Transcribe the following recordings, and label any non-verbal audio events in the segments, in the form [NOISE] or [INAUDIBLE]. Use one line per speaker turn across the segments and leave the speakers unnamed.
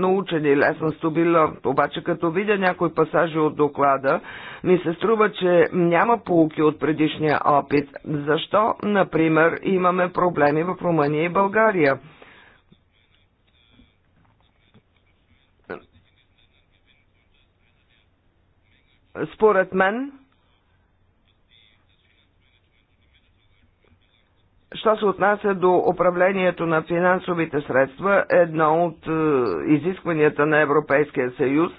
научен и лесно стабилен. Обаче като видя някои пасажи от доклада, ми се струва, че няма полуки от предишния опит. Защо, например, имаме проблеми в Румъния и България? Според мен, Що се отнася до управлението на финансовите средства, едно от е, изискванията на Европейския съюз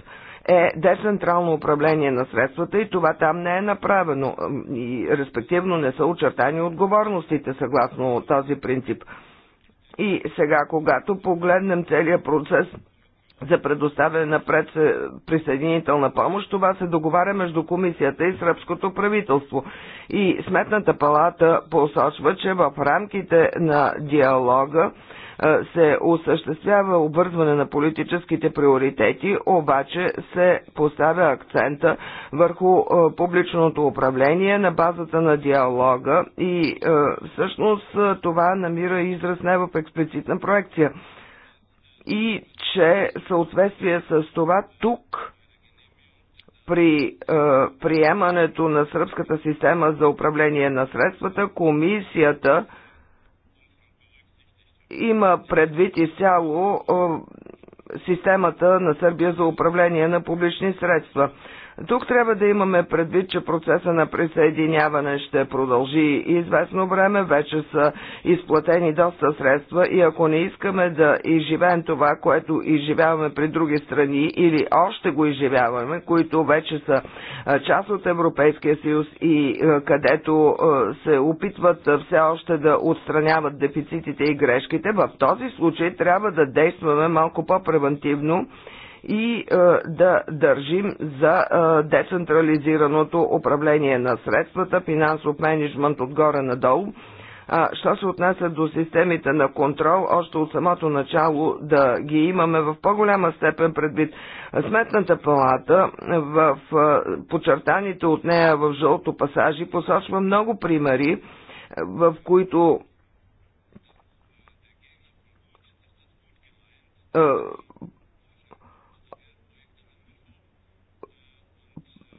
е децентрално управление на средствата и това там не е направено и респективно не са очертани отговорностите съгласно този принцип. И сега, когато погледнем целият процес за предоставяне на е, присъединителна помощ, това се договаря между комисията и сръбското правителство. И Сметната палата посочва, че в рамките на диалога е, се осъществява обвързване на политическите приоритети, обаче се поставя акцента върху е, публичното управление на базата на диалога и всъщност това намира израз не в експлицитна проекция и че съответствие с това тук при е, приемането на сръбската система за управление на средствата, комисията има предвид изцяло е, системата на Сърбия за управление на публични средства. Тук трябва да имаме предвид, че процеса на присъединяване ще продължи известно време, вече са изплатени доста средства и ако не искаме да изживеем това, което изживяваме при други страни или още го изживяваме, които вече са част от Европейския съюз и където се опитват все още да отстраняват дефицитите и грешките, в този случай трябва да действаме малко по-превентивно и е, да държим за е, децентрализираното управление на средствата, финансов менеджмент отгоре надолу. А, е, що се отнася до системите на контрол, още от самото начало да ги имаме в по-голяма степен предвид. Сметната палата в подчертаните от нея в жълто пасажи посочва много примери, в които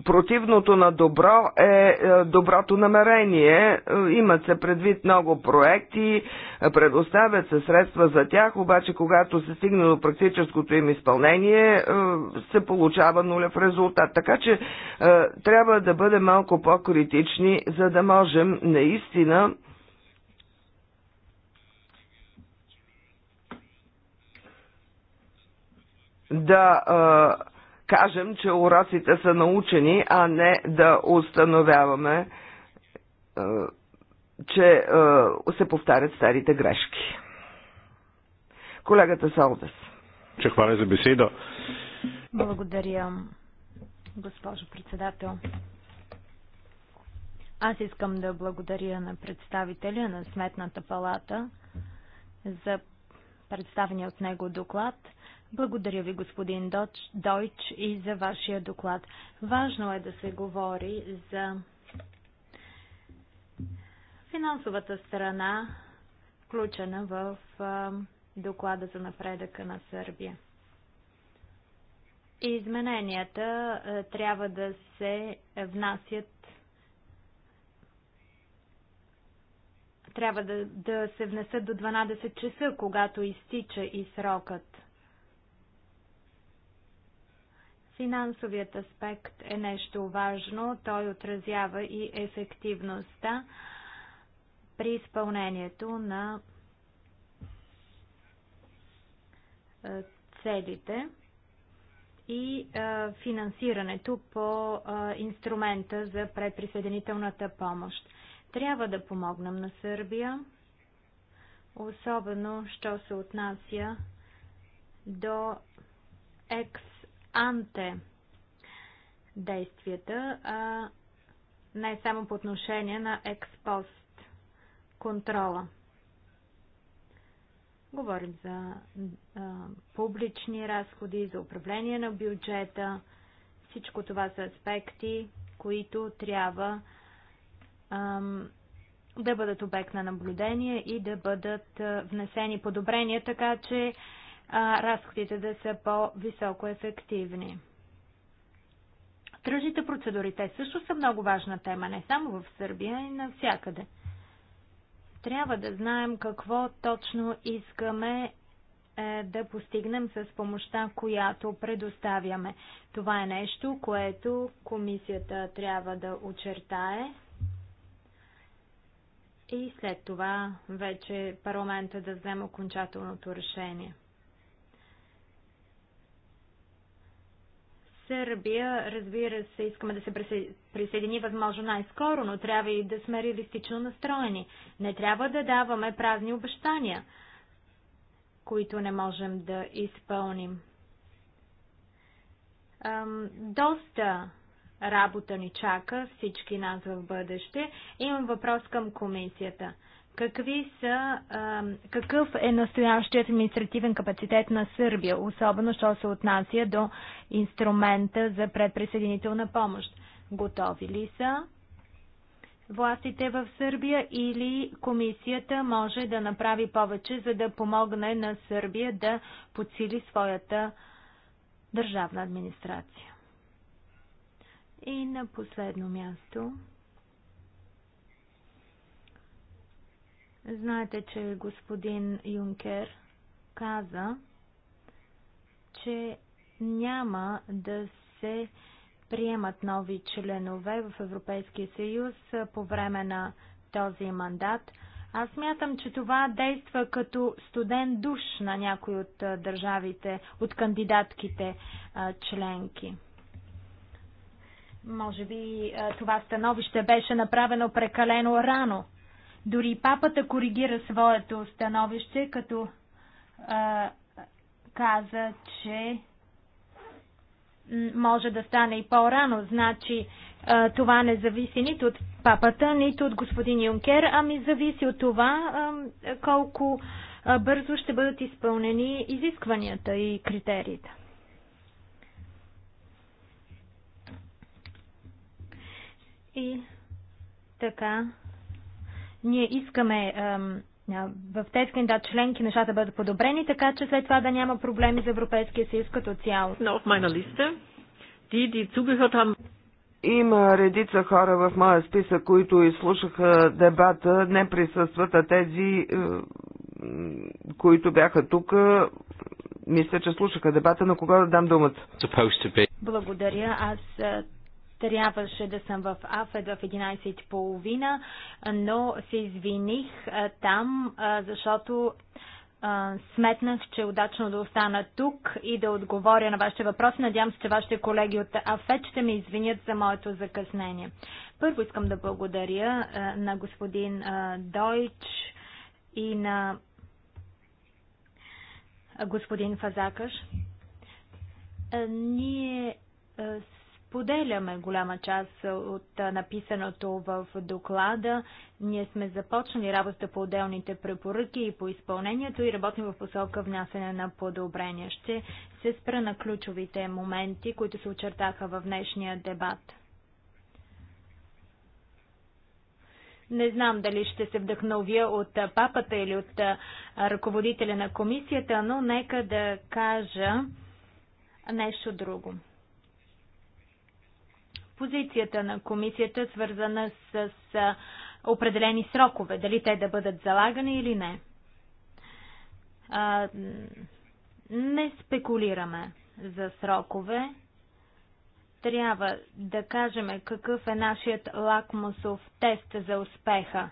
Противното на добро е, е доброто намерение. Имат се предвид много проекти, предоставят се средства за тях, обаче когато се стигне до практическото им изпълнение, е, се получава нулев резултат. Така че е, трябва да бъдем малко по-критични, за да можем наистина да кажем, че уроците са научени, а не да установяваме, е, че е, се повтарят старите грешки. Колегата Солдес. Че хвали за беседа.
Благодаря, госпожо председател. Аз искам да благодаря на представителя на Сметната палата за представения от него доклад – благодаря ви, господин Дойч, и за вашия доклад. Важно е да се говори за финансовата страна, включена в доклада за напредъка на Сърбия. И измененията трябва да се внасят трябва да, да се внесат до 12 часа, когато изтича и срокът. Финансовият аспект е нещо важно. Той отразява и ефективността при изпълнението на е, целите и а, е, финансирането по а, е, инструмента за предприсъединителната помощ. Трябва да помогнем на Сърбия, особено що се отнася до екс анте действията, а не само по отношение на експост контрола. Говорим за а, публични разходи, за управление на бюджета. Всичко това са аспекти, които трябва ам, да бъдат обект на наблюдение и да бъдат внесени подобрения, така че разходите да са по-високо ефективни. Тръжните процедури, те също са много важна тема, не само в Сърбия, и навсякъде. Трябва да знаем какво точно искаме е, да постигнем с помощта, която предоставяме. Това е нещо, което комисията трябва да очертае и след това вече парламента да вземе окончателното решение. Сърбия, разбира се, искаме да се присъедини възможно най-скоро, но трябва и да сме реалистично настроени. Не трябва да даваме празни обещания, които не можем да изпълним. Доста работа ни чака всички нас в бъдеще. Имам въпрос към комисията. Какви са, какъв е настоящият административен капацитет на Сърбия, особено що се отнася до инструмента за предприсъединителна помощ? Готови ли са властите в Сърбия или комисията може да направи повече, за да помогне на Сърбия да подсили своята държавна администрация? И на последно място. Знаете, че господин Юнкер каза, че няма да се приемат нови членове в Европейския съюз по време на този мандат. Аз мятам, че това действа като студен душ на някои от държавите, от кандидатките членки. Може би това становище беше направено прекалено рано дори папата коригира своето становище, като а, каза, че може да стане и по-рано. Значи а, това не зависи нито от папата, нито от господин Юнкер, ами зависи от това а, колко а, бързо ще бъдат изпълнени изискванията и критериите. И така. Ние искаме в тези кандидат членки нещата бъдат подобрени, така че след това да няма проблеми за Европейския съюз като цяло.
Има редица хора в моя списък, които изслушаха дебата, не присъстват, а тези, е, които бяха тук, мисля, че слушаха дебата, на кого да дам думата.
Благодаря. Аз е, Трябваше да съм в Афед в 11.30, но се извиних там, защото сметнах, че е удачно да остана тук и да отговоря на вашите въпроси. Надявам се, че вашите колеги от АФЕД ще ме извинят за моето закъснение. Първо искам да благодаря на господин Дойч и на господин Фазакаш. Ние Споделяме голяма част от написаното в доклада. Ние сме започнали работа по отделните препоръки и по изпълнението и работим в посока внасяне на подобрения. Ще се спра на ключовите моменти, които се очертаха в днешния дебат. Не знам дали ще се вдъхновя от папата или от ръководителя на комисията, но нека да кажа нещо друго позицията на комисията, свързана с определени срокове, дали те да бъдат залагани или не. Не спекулираме за срокове. Трябва да кажем какъв е нашият лакмусов тест за успеха.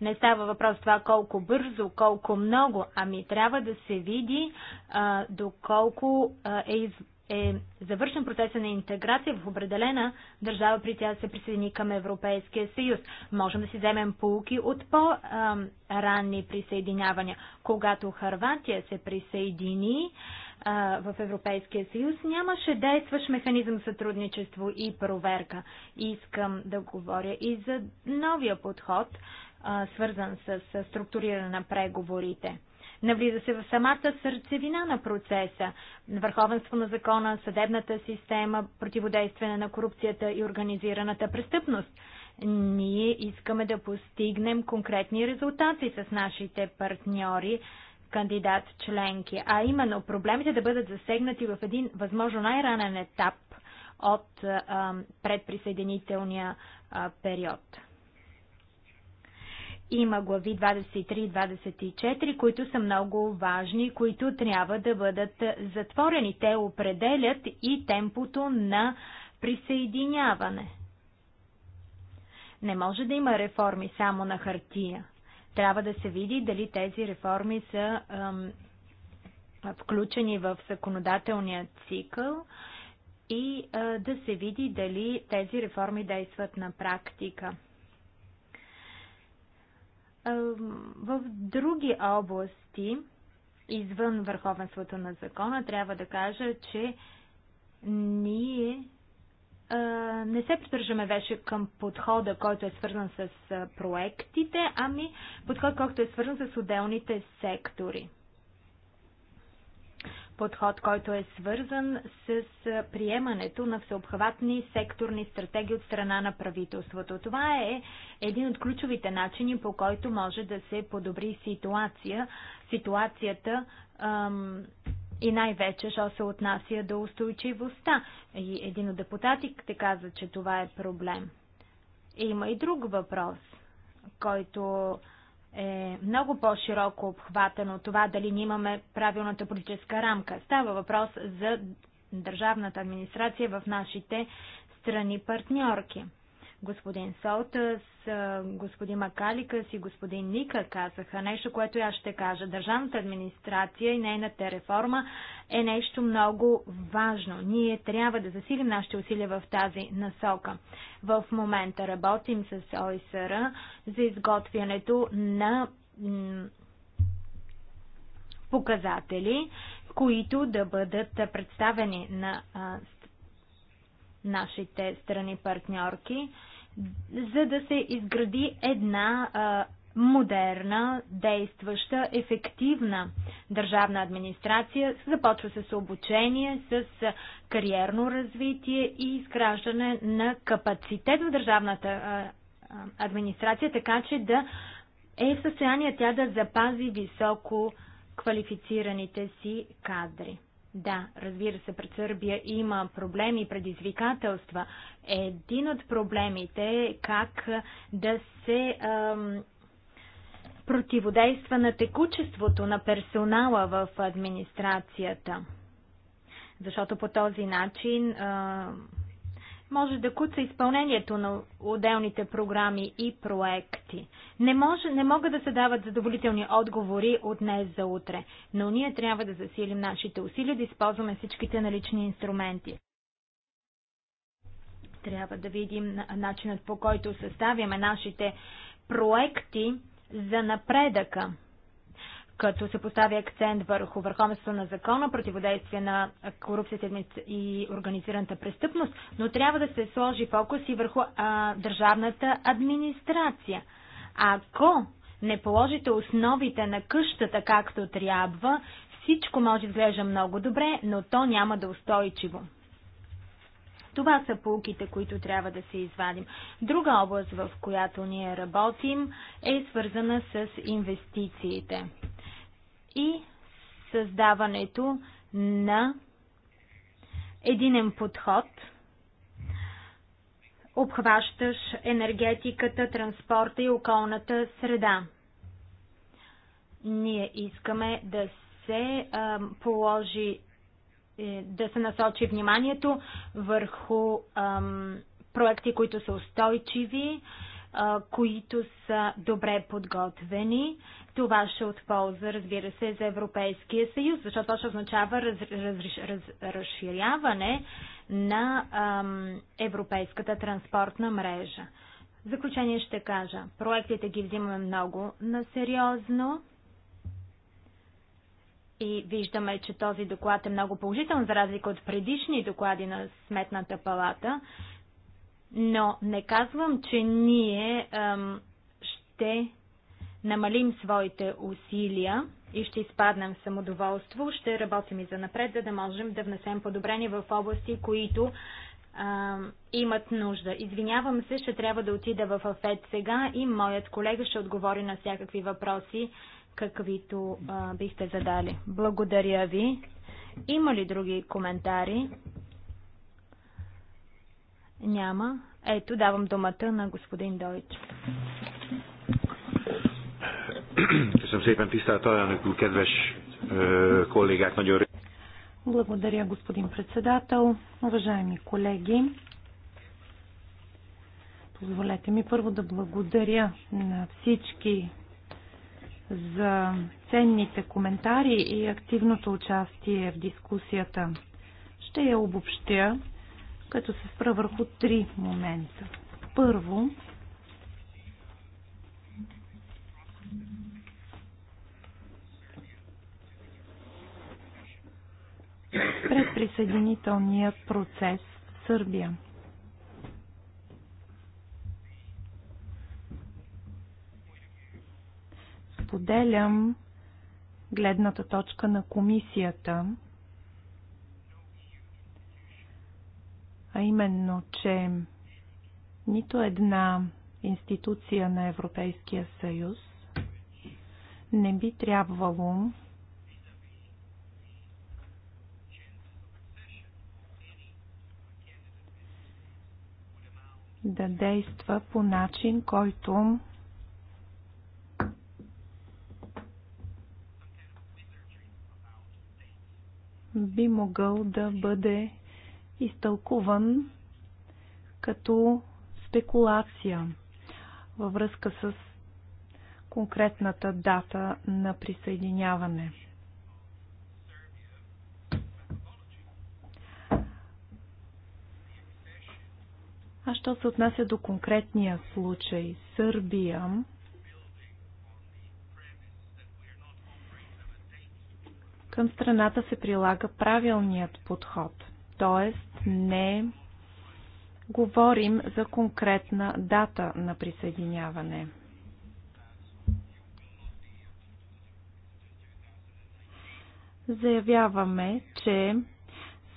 Не става въпрос това колко бързо, колко много, ами трябва да се види а, доколко а, е из, е завършен процеса на интеграция в определена държава, при тя да се присъедини към Европейския съюз. Можем да си вземем полуки от по-ранни присъединявания. Когато Харватия се присъедини в Европейския съюз, нямаше действащ механизъм сътрудничество и проверка. Искам да говоря и за новия подход, свързан с структуриране на преговорите Навлиза се в самата сърцевина на процеса. Върховенство на закона, съдебната система, противодействие на корупцията и организираната престъпност. Ние искаме да постигнем конкретни резултати с нашите партньори, кандидат членки, а именно проблемите да бъдат засегнати в един възможно най-ранен етап от предприсъединителния период. Има глави 23 и 24, които са много важни, които трябва да бъдат затворени. Те определят и темпото на присъединяване. Не може да има реформи само на хартия. Трябва да се види дали тези реформи са ам, включени в законодателния цикъл и а, да се види дали тези реформи действат на практика в други области, извън върховенството на закона, трябва да кажа, че ние не се придържаме вече към подхода, който е свързан с проектите, ами подход, който е свързан с отделните сектори подход, който е свързан с приемането на всеобхватни секторни стратегии от страна на правителството. Това е един от ключовите начини, по който може да се подобри ситуация, ситуацията ам, и най-вече, що се отнася до устойчивостта. И един от депутатите каза, че това е проблем. Има и друг въпрос, който е много по-широко обхватено това дали ние имаме правилната политическа рамка. Става въпрос за държавната администрация в нашите страни партньорки господин Солтас, господин Макаликас и господин Ника казаха нещо, което аз ще кажа. Държавната администрация и нейната реформа е нещо много важно. Ние трябва да засилим нашите усилия в тази насока. В момента работим с ОИСР за изготвянето на показатели, които да бъдат представени на нашите страни партньорки за да се изгради една а, модерна, действаща, ефективна държавна администрация. Започва с обучение, с кариерно развитие и изграждане на капацитет в държавната а, администрация, така че да е в състояние тя да запази високо квалифицираните си кадри. Да, разбира се, пред Сърбия има проблеми и предизвикателства. Един от проблемите е как да се ам, противодейства на текучеството на персонала в администрацията. Защото по този начин ам, може да куца изпълнението на отделните програми и проекти. Не, може, не могат да се дават задоволителни отговори от днес за утре, но ние трябва да засилим нашите усилия да използваме всичките налични инструменти. Трябва да видим начинът по който съставяме нашите проекти за напредъка като се постави акцент върху върховенството на закона, противодействие на корупцията и организираната престъпност, но трябва да се сложи фокус и върху а, държавната администрация. Ако не положите основите на къщата както трябва, всичко може да изглежда много добре, но то няма да е устойчиво. Това са полуките, които трябва да се извадим. Друга област, в която ние работим, е свързана с инвестициите и създаването на единен подход, обхващащ енергетиката, транспорта и околната среда. Ние искаме да се а, положи, е, да се насочи вниманието върху проекти, които са устойчиви, а, които са добре подготвени, това ще от полза, разбира се, за Европейския съюз, защото ще означава раз, раз, раз, разширяване на ам, европейската транспортна мрежа. В заключение ще кажа, проектите ги взимаме много на сериозно и виждаме, че този доклад е много положителен, за разлика от предишни доклади на Сметната палата, но не казвам, че ние ам, ще намалим своите усилия и ще изпаднем в самодоволство, ще работим и за напред, за да можем да внесем подобрение в области, които а, имат нужда. Извинявам се, ще трябва да отида в АФЕД сега и моят колега ще отговори на всякакви въпроси, каквито а, бихте задали. Благодаря ви. Има ли други коментари? Няма. Ето, давам думата на господин Дойч. Köszönöm szépen, tisztelt alelnök úr, kedves kollégák, nagyon Благодаря,
господин председател. Уважаеми колеги, позволете ми първо да благодаря на всички за ценните коментари и активното участие в дискусията. Ще я обобщя, като се спра върху три момента. Първо, пред присъединителния процес в Сърбия. Споделям гледната точка на комисията, а именно, че нито една институция на Европейския съюз не би трябвало да действа по начин, който би могъл да бъде изтълкуван като спекулация във връзка с конкретната дата на присъединяване. А що се отнася до конкретния случай Сърбия, към страната се прилага правилният подход, т.е. не говорим за конкретна дата на присъединяване. Заявяваме, че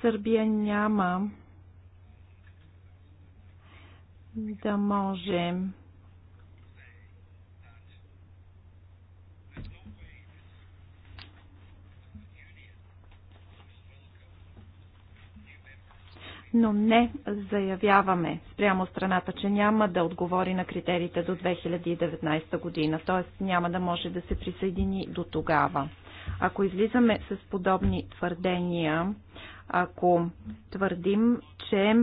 Сърбия няма да можем но не заявяваме спрямо страната, че няма да отговори на критериите до 2019 година, т.е. няма да може да се присъедини до тогава. Ако излизаме с подобни твърдения, ако твърдим, че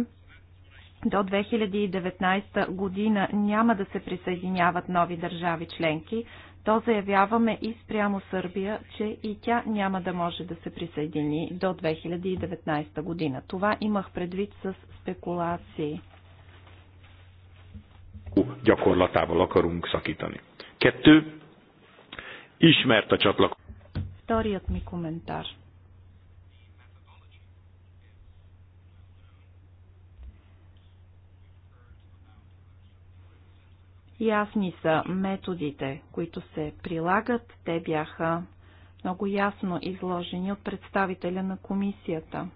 до 2019 година няма да се присъединяват нови държави членки, то заявяваме и спрямо Сърбия, че и тя няма да може да се присъедини до 2019 година. Това имах предвид с спекулации. Вторият ми коментар – Ясни са методите, които се прилагат. Те бяха много ясно изложени от представителя на комисията.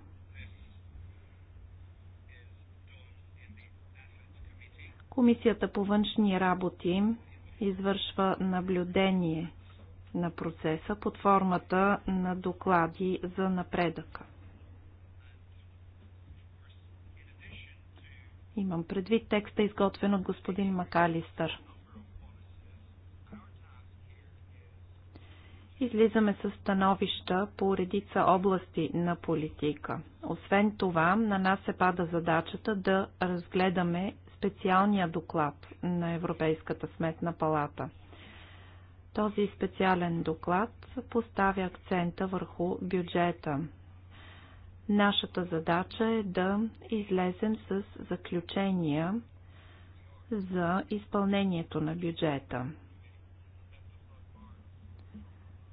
Комисията по външни работи извършва наблюдение на процеса под формата на доклади за напредъка. Имам предвид текста, изготвен от господин Макалистър. Излизаме с становища по редица области на политика. Освен това, на нас се пада задачата да разгледаме специалния доклад на Европейската сметна палата. Този специален доклад поставя акцента върху бюджета Нашата задача е да излезем с заключения за изпълнението на бюджета.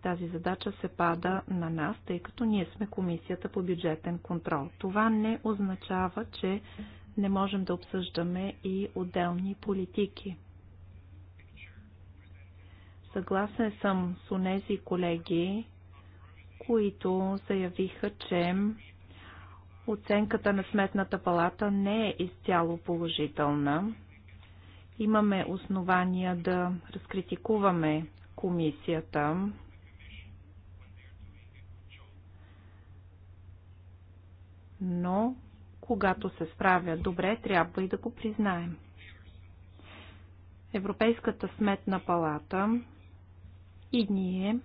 Тази задача се пада на нас, тъй като ние сме Комисията по бюджетен контрол. Това не означава, че не можем да обсъждаме и отделни политики. Съгласен съм с онези колеги, които заявиха, че Оценката на Сметната палата не е изцяло положителна. Имаме основания да разкритикуваме комисията. Но когато се справя добре, трябва и да го признаем. Европейската сметна палата и ние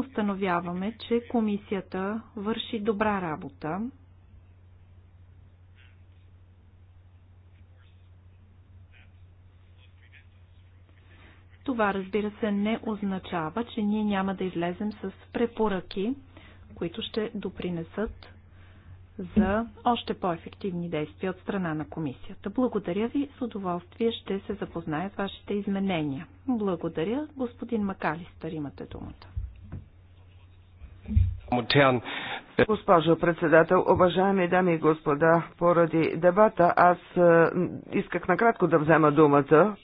установяваме, че комисията върши добра работа. Това, разбира се, не означава, че ние няма да излезем с препоръки, които ще допринесат за още по-ефективни действия от страна на комисията. Благодаря ви, с удоволствие ще се запозная с вашите изменения.
Благодаря, господин Макалистър, имате думата. Госпожо председател, уважаеми дами и господа, поради дебата аз е, исках накратко да взема думата,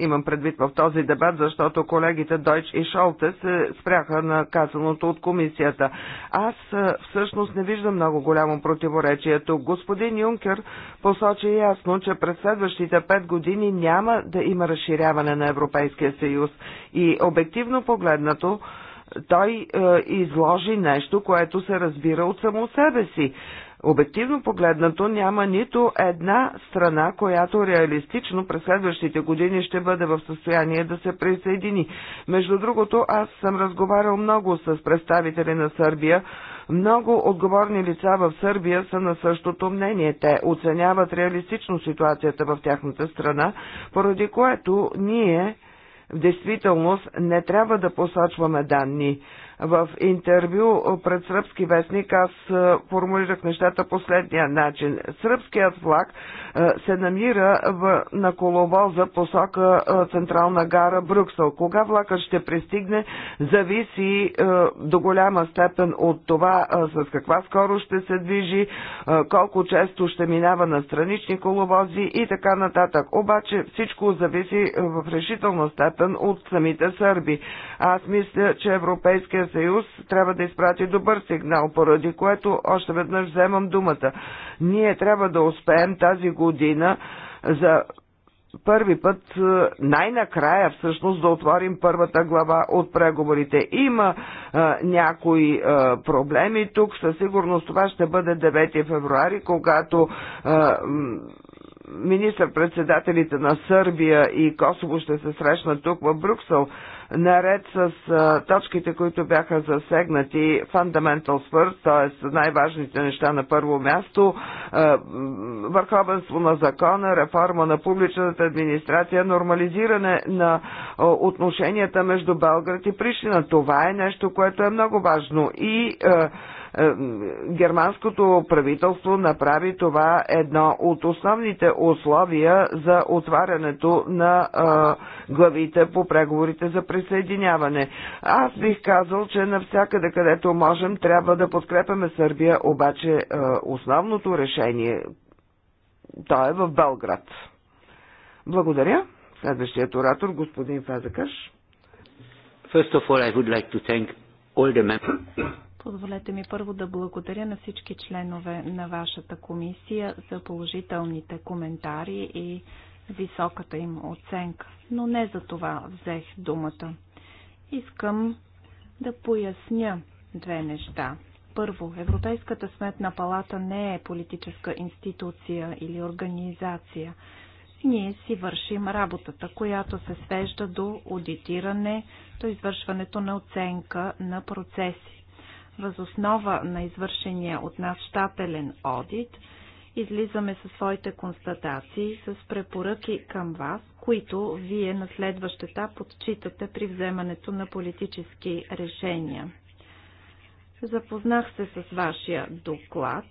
имам предвид в този дебат, защото колегите Дойч и Шолте се спряха на казаното от комисията. Аз е, всъщност не виждам много голямо противоречие тук. Господин Юнкер посочи ясно, че през следващите пет години няма да има разширяване на Европейския съюз и обективно погледнато той е, изложи нещо, което се разбира от само себе си. Обективно погледнато няма нито една страна, която реалистично през следващите години ще бъде в състояние да се присъедини. Между другото, аз съм разговарял много с представители на Сърбия. Много отговорни лица в Сърбия са на същото мнение. Те оценяват реалистично ситуацията в тяхната страна, поради което ние в действителност не трябва да посочваме данни. В интервю пред сръбски вестник аз е, формулирах нещата последния начин. Сръбският влак е, се намира в, на коловоза посока е, Централна гара Брюксел. Кога влакът ще пристигне, зависи до голяма степен от това с каква скоро ще се движи, колко често ще минава на странични коловози и така нататък. Обаче всичко зависи в решителна степен от самите сърби. Аз мисля, че Европейския съюз трябва да изпрати добър сигнал, поради което още веднъж вземам думата. Ние трябва да успеем тази година за първи път, е, най-накрая всъщност да отворим първата глава от преговорите. Има а, е, някои а, е, проблеми тук, със сигурност това ще бъде 9 февруари, когато а, министър-председателите на Сърбия и Косово ще се срещнат тук в Брюксел наред с точките, които бяха засегнати, Fundamentals First, т.е. най-важните неща на първо място, върховенство на закона, реформа на публичната администрация, нормализиране на отношенията между Белград и Пришина. Това е нещо, което е много важно. И а, е, германското правителство направи това едно от основните условия за отварянето на главите по преговорите за присъединяване. Аз бих казал, че навсякъде, където можем, трябва да подкрепяме Сърбия, обаче е, основното решение, то е в Белград. Благодаря. Следващият оратор, господин Фазакаш.
First of all, I would like to thank all the members. Позволете ми първо да благодаря на всички членове на вашата комисия за положителните коментари и високата им оценка, но не за това взех думата. Искам да поясня две неща. Първо, Европейската сметна палата не е политическа институция или организация. Ние си вършим работата, която се свежда до аудитиране, до извършването на оценка на процеси. Възоснова на извършения от нас щателен одит, излизаме със своите констатации, с препоръки към вас, които вие на следващ етап отчитате при вземането на политически решения. Запознах се с вашия доклад.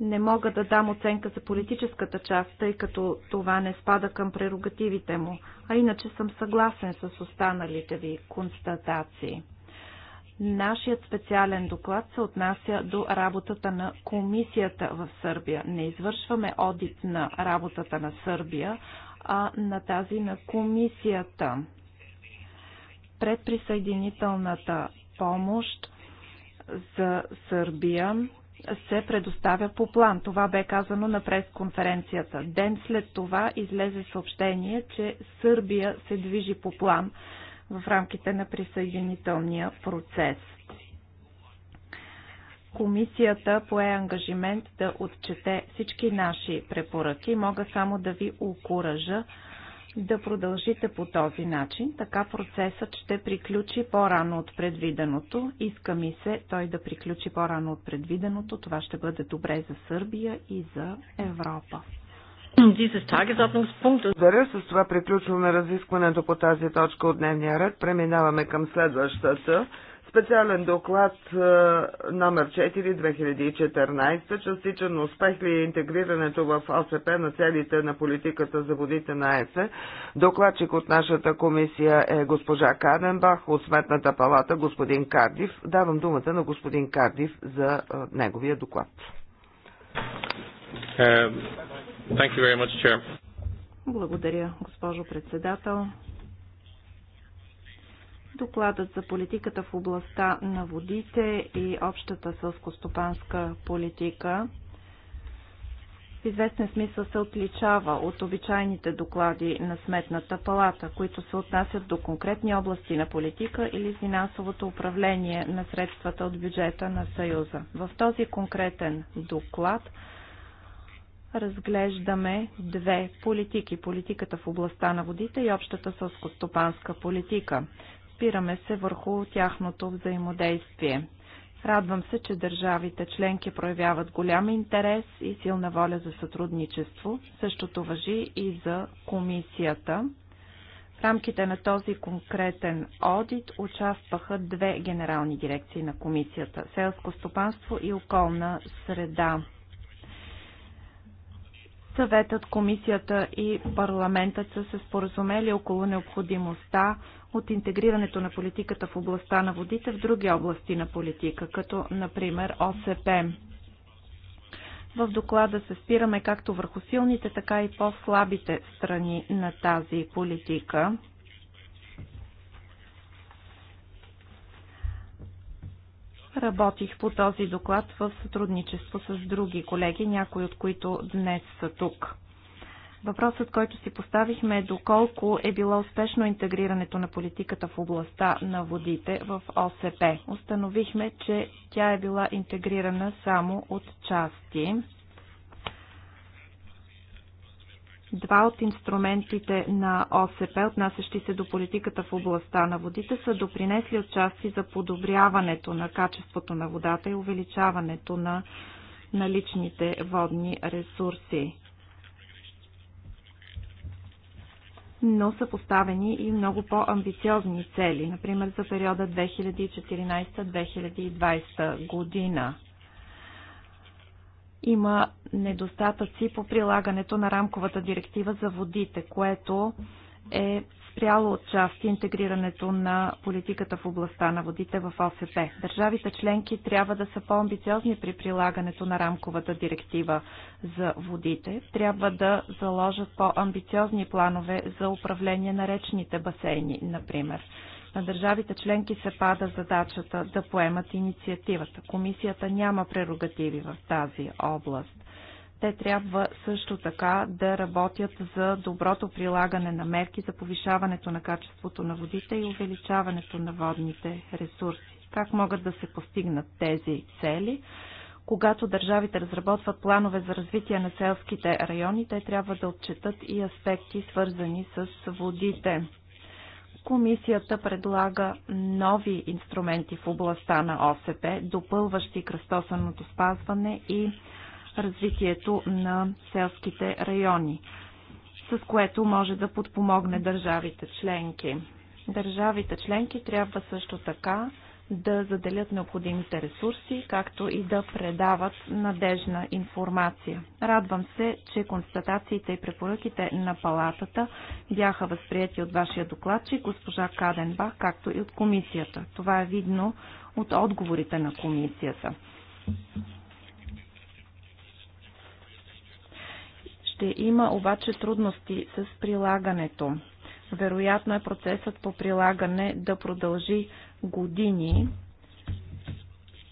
Не мога да дам оценка за политическата част, тъй като това не спада към прерогативите му, а иначе съм съгласен с останалите ви констатации. Нашият специален доклад се отнася до работата на комисията в Сърбия. Не извършваме одит на работата на Сърбия, а на тази на комисията. Предприсъединителната помощ за Сърбия се предоставя по план. Това бе казано на пресконференцията. Ден след това излезе съобщение, че Сърбия се движи по план в рамките на присъединителния процес. Комисията пое ангажимент да отчете всички наши препоръки. Мога само да ви окуража да продължите по този начин. Така процесът ще приключи по-рано от предвиденото. Иска ми се той да приключи по-рано от предвиденото. Това ще бъде добре за Сърбия и за Европа.
[CLEARS THROAT] Благодаря. С това приключваме разискването по тази точка от дневния ред. Преминаваме към следващата. Специален доклад е, номер 4 2014. Частичен успех ли е интегрирането в ОСП на целите на политиката за водите на ЕСЕ? Е? Докладчик от нашата комисия е госпожа Каденбах, от Сметната палата господин Кардив. Давам думата на господин Кардив за е, неговия доклад.
Thank you very much, Chair. Благодаря, госпожо председател. Докладът за политиката в областта на водите и общата сълскостопанска политика в известен смисъл се отличава от обичайните доклади на Сметната палата, които се отнасят до конкретни области на политика или финансовото управление на средствата от бюджета на Съюза. В този конкретен доклад разглеждаме две политики. Политиката в областта на водите и общата сълскостопанска политика. Спираме се върху тяхното взаимодействие. Радвам се, че държавите членки проявяват голям интерес и силна воля за сътрудничество. Същото въжи и за комисията. В рамките на този конкретен одит участваха две генерални дирекции на комисията – селско стопанство и околна среда. Съветът, комисията и парламентът са се споразумели около необходимостта от интегрирането на политиката в областта на водите в други области на политика, като например ОСП. В доклада се спираме както върху силните, така и по-слабите страни на тази политика. Работих по този доклад в сътрудничество с други колеги, някои от които днес са тук. Въпросът, който си поставихме е доколко е било успешно интегрирането на политиката в областта на водите в ОСП. Установихме, че тя е била интегрирана само от части. Два от инструментите на ОСП, отнасящи се до политиката в областта на водите, са допринесли отчасти за подобряването на качеството на водата и увеличаването на наличните водни ресурси. но са поставени и много по-амбициозни цели, например за периода 2014-2020 година. Има недостатъци по прилагането на рамковата директива за водите, което е спряло от части интегрирането на политиката в областта на водите в ОСП. Държавите членки трябва да са по-амбициозни при прилагането на рамковата директива за водите. Трябва да заложат по-амбициозни планове за управление на речните басейни, например. На държавите членки се пада задачата да поемат инициативата. Комисията няма прерогативи в тази област. Те трябва също така да работят за доброто прилагане на мерки за повишаването на качеството на водите и увеличаването на водните ресурси. Как могат да се постигнат тези цели? когато държавите разработват планове за развитие на селските райони, те трябва да отчетат и аспекти, свързани с водите. Комисията предлага нови инструменти в областта на ОСП, допълващи кръстосаното спазване и развитието на селските райони, с което може да подпомогне държавите членки. Държавите членки трябва също така да заделят необходимите ресурси, както и да предават надежна информация. Радвам се, че констатациите и препоръките на палатата бяха възприяти от вашия докладчик, госпожа Каденба, както и от комисията. Това е видно от отговорите на комисията. Ще има обаче трудности с прилагането. Вероятно е процесът по прилагане да продължи години,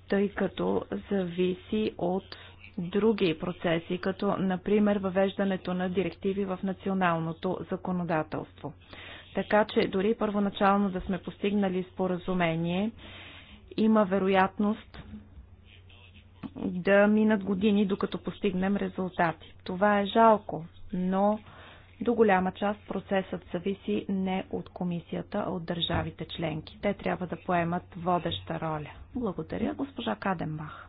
тъй като зависи от други процеси, като например въвеждането на директиви в националното законодателство. Така че дори първоначално да сме постигнали споразумение, има вероятност да минат години, докато постигнем резултати. Това е жалко, но до голяма част процесът зависи не от комисията, а от държавите членки. Те трябва да поемат водеща роля. Благодаря, госпожа
Каденбах.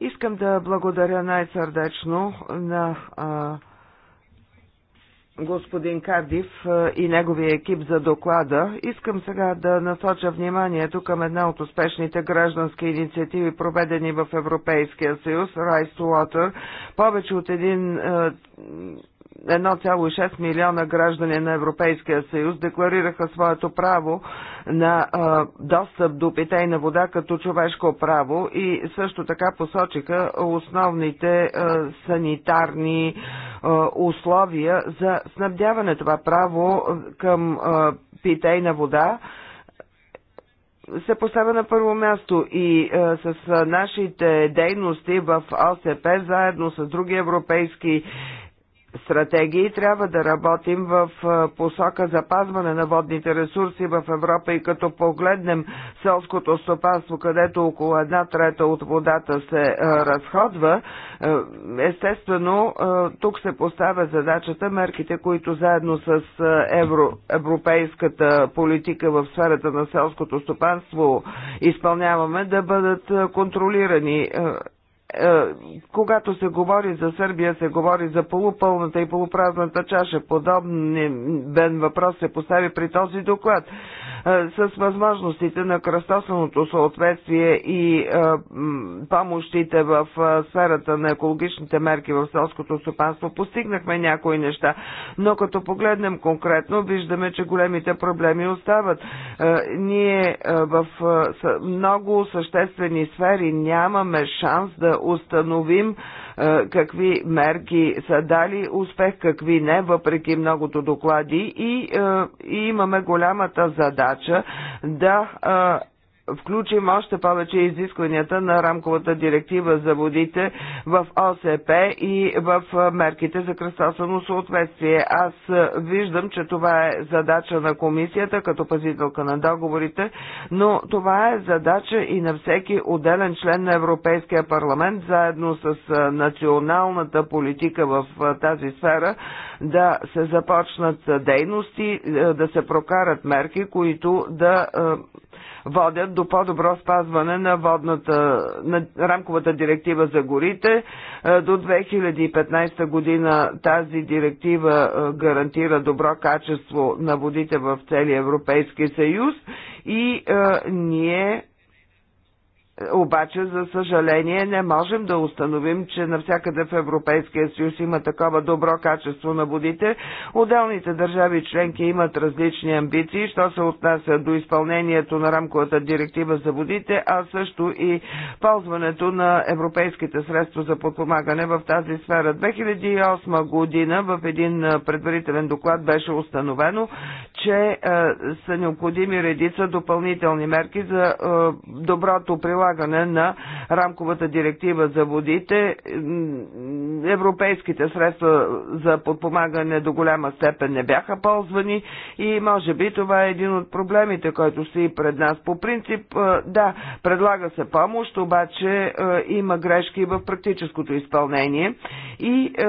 Искам да благодаря най-сърдечно на господин Кардив е, и неговия екип за доклада, искам сега да насоча вниманието към една от успешните граждански инициативи, проведени в Европейския съюз, Rise to Water. Повече от един е, 1,6 милиона граждани на Европейския съюз декларираха своето право на а, достъп до питейна вода като човешко право и също така посочиха основните а, санитарни а, условия за снабдяване това право към а, питейна вода се поставя на първо място и а, с нашите дейности в ОСП, заедно с други европейски стратегии трябва да работим в посока запазване на водните ресурси в Европа и като погледнем селското стопанство, където около една трета от водата се разходва, естествено тук се поставя задачата мерките, които заедно с евро, европейската политика в сферата на селското стопанство изпълняваме, да бъдат контролирани е, когато се говори за Сърбия, се говори за полупълната и полупразната чаша. Подобен въпрос се постави при този доклад. Е, с възможностите на кръстосаното съответствие и е, помощите в сферата на екологичните мерки в селското стопанство постигнахме някои неща, но като погледнем конкретно, виждаме, че големите проблеми остават. Ние в много съществени сфери нямаме шанс да установим е, какви мерки са дали успех, какви не, въпреки многото доклади и, е, и имаме голямата задача да е, включим още повече изискванията на рамковата директива за водите в ОСП и в мерките за кръстосано съответствие. Аз виждам, че това е задача на комисията като пазителка на договорите, но това е задача и на всеки отделен член на Европейския парламент, заедно с националната политика в тази сфера, да се започнат дейности, да се прокарат мерки, които да водят до по-добро спазване на водната, на рамковата директива за горите. Е, до 2015 година тази директива е, гарантира добро качество на водите в целия Европейски съюз и е, ние обаче, за съжаление, не можем да установим, че навсякъде в Европейския съюз има такова добро качество на водите. Отделните държави членки имат различни амбиции, що се отнася до изпълнението на рамковата директива за водите, а също и ползването на европейските средства за подпомагане в тази сфера. 2008 година в един предварителен доклад беше установено, че е, са необходими редица допълнителни мерки за е, доброто прилагане прилагане на рамковата директива за водите. Европейските средства за подпомагане до голяма степен не бяха ползвани и може би това е един от проблемите, който стои пред нас. По принцип, е, да, предлага се помощ, обаче е, има грешки в практическото изпълнение и е,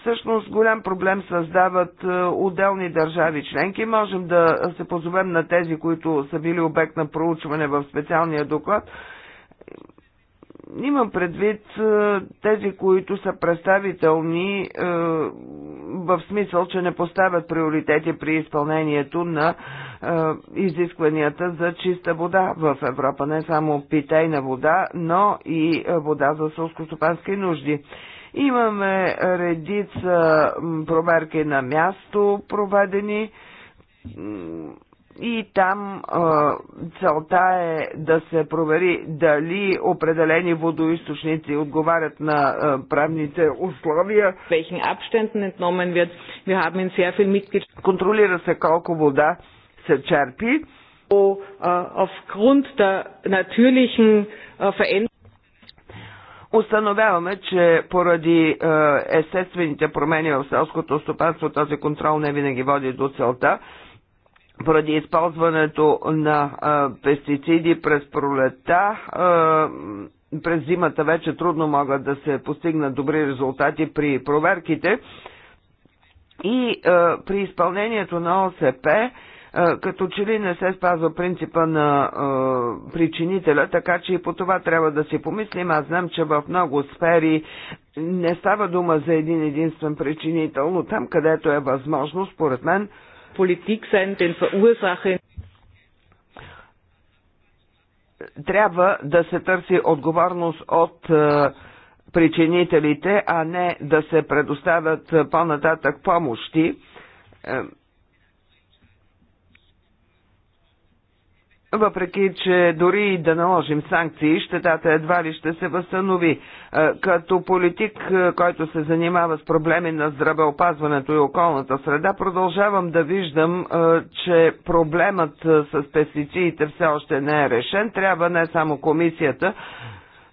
всъщност голям проблем създават отделни държави членки. Можем да се позовем на тези, които са били обект на проучване в специалния доклад. Имам предвид е, тези, които са представителни е, в смисъл, че не поставят приоритети при изпълнението на е, изискванията за чиста вода в Европа. Не само питейна вода, но и вода за сълскостопански нужди. Имаме редица проверки на място проведени и там а, целта е да се провери дали определени водоисточници отговарят на а, правните условия. Контролира се колко вода се черпи. Установяваме, че поради естествените промени в селското стопанство този контрол не винаги води до целта поради използването на а, пестициди през пролета, а, през зимата вече трудно могат да се постигнат добри резултати при проверките. И а, при изпълнението на ОСП, а, като че ли не се спазва принципа на а, причинителя, така че и по това трябва да си помислим. Аз знам, че в много сфери не става дума за един единствен причинител, но там, където е възможно, според мен, политик сен den Verursacher трябва да се търси отговорност от е, причинителите, а не да се предоставят е, по-нататък помощи. Е, въпреки че дори и да наложим санкции, щетата едва ли ще се възстанови. Е, като политик, е, който се занимава с проблеми на здравеопазването и околната среда, продължавам да виждам, е, че проблемът с пестицидите все още не е решен. Трябва не само комисията,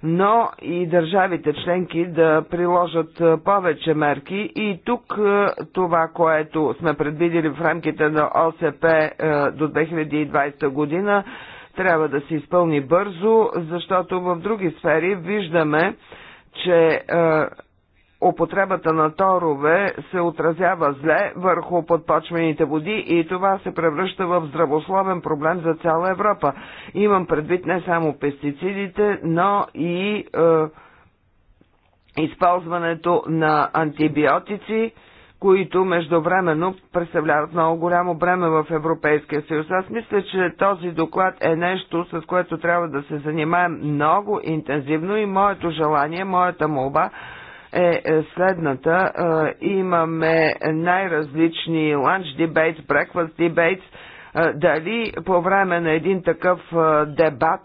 но и държавите членки да приложат повече мерки. И тук това, което сме предвидели в рамките на ОСП до 2020 година, трябва да се изпълни бързо, защото в други сфери виждаме, че употребата на торове се отразява зле върху подпочвените води и това се превръща в здравословен проблем за цяла Европа. Имам предвид не само пестицидите, но и е, използването на антибиотици, които междувременно представляват много голямо бреме в Европейския съюз. Аз мисля, че този доклад е нещо, с което трябва да се занимаем много интензивно и моето желание, моята молба е, е следната. Е, имаме най-различни lunch debates, breakfast debates, е, дали по време на един такъв дебат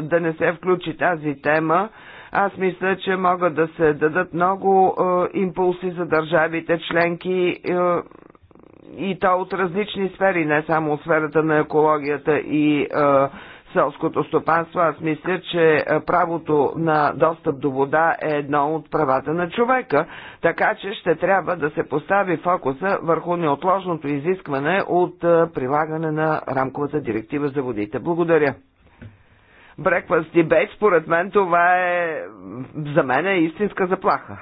да не се включи тази тема. Аз мисля, че могат да се дадат много импулси за държавите членки и то от различни сфери, не само от сферата на екологията и е, селското стопанство, аз мисля, че е, правото на достъп до вода е едно от правата на човека, така че ще трябва да се постави фокуса върху неотложното изискване от е, прилагане на рамковата директива за водите. Благодаря. Breakfast Debate, според мен това е за мен е истинска заплаха.